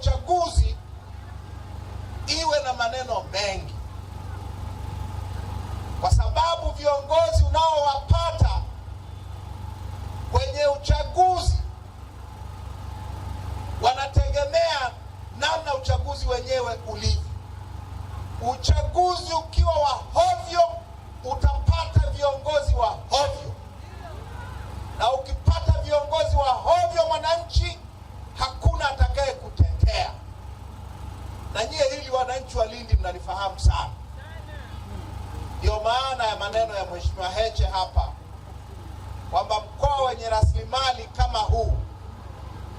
uchaguzi iwe na maneno mengi.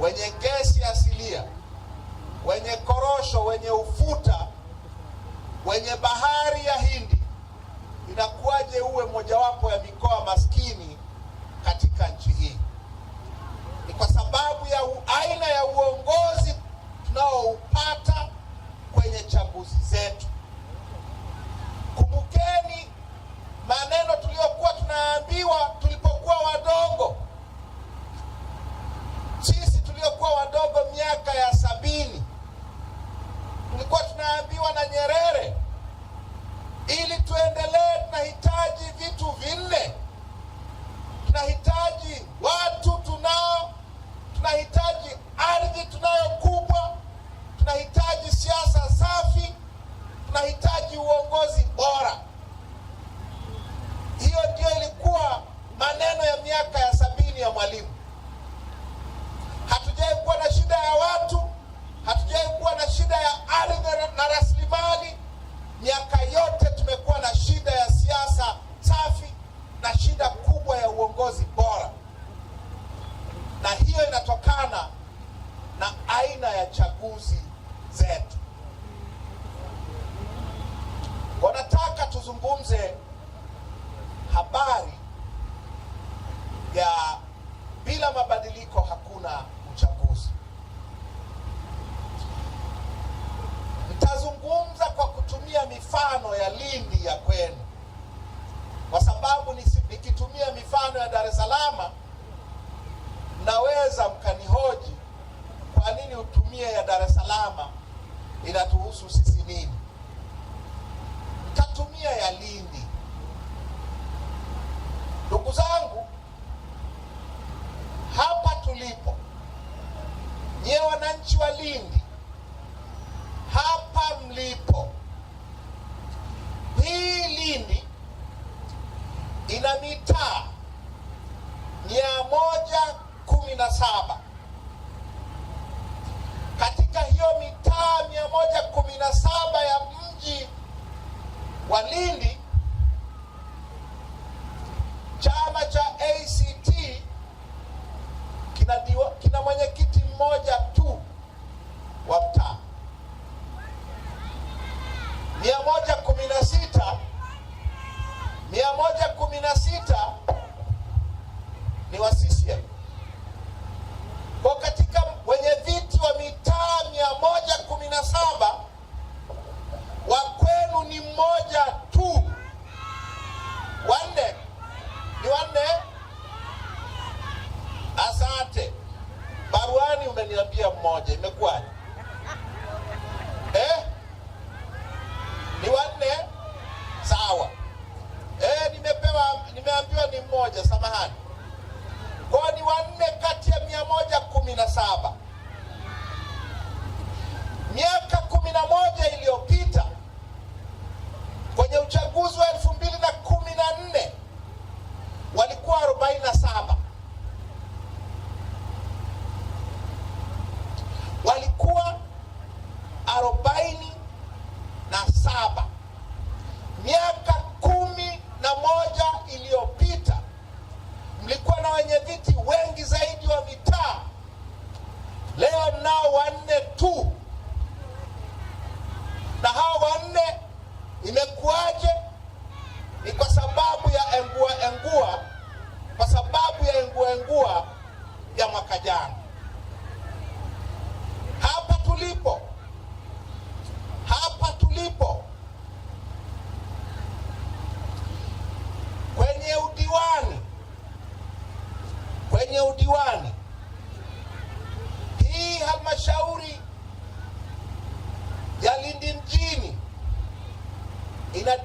wenye gesi asilia, wenye korosho, wenye ufuta, wenye bahari ya Hindi, inakuwaje uwe mojawapo ya mikoa maskini katika nchi hii? Ni kwa sababu ya aina ya uongozi tunaoupata kwenye chaguzi zetu. mifano ya Lindi ya kwenu, kwa sababu nikitumia mifano ya Dar es Salaam naweza mkanihoji kwa nini utumie ya Dar es Salaam, inatuhusu sisi nini? Mtatumia ya Lindi. Ndugu zangu, hapa tulipo, nyewe wananchi wa Lindi Anita. ya udiwani, hii halmashauri ya Lindi mjini ina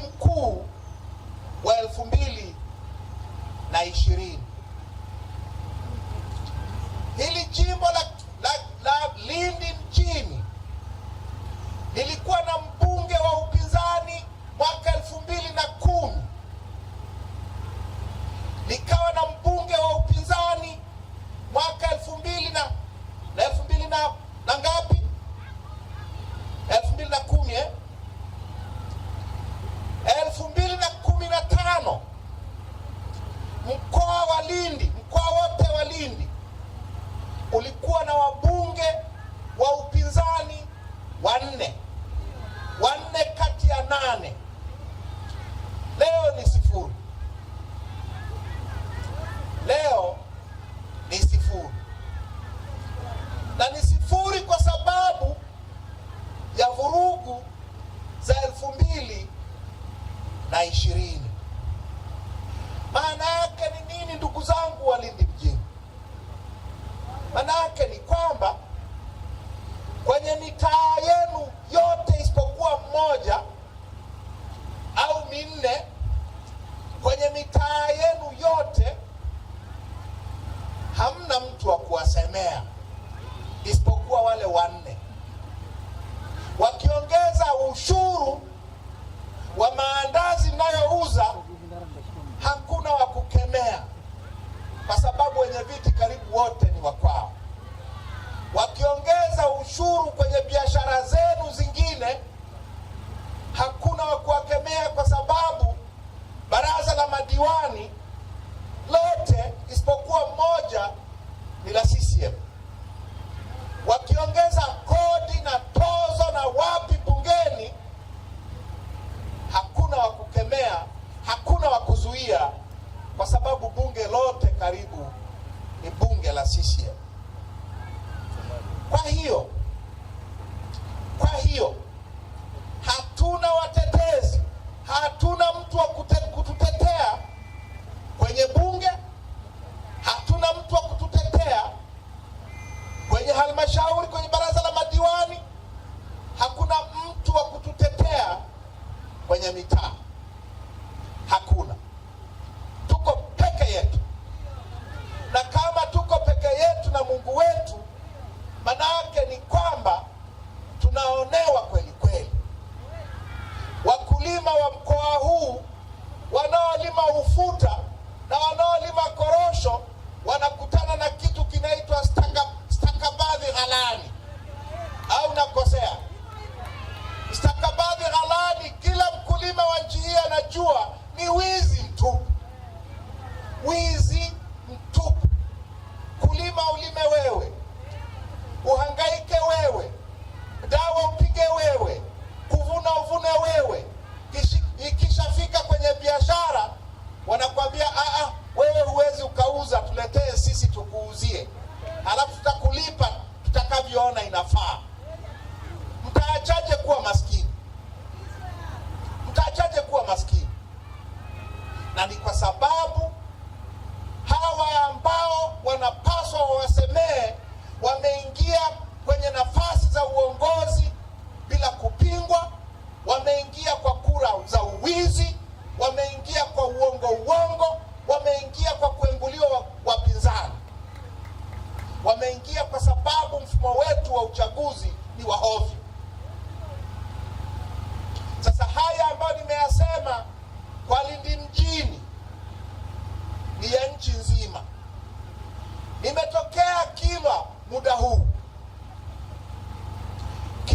mkuu wa elfu mbili na ishirini.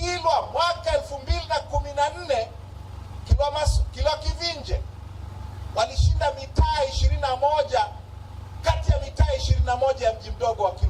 Kilwa mwaka elfu mbili na kumi na nne Kilwa, Kilwa Kivinje walishinda mitaa ishirini na moja kati ya mitaa ishirini na moja ya mji mdogo wa Kilwa.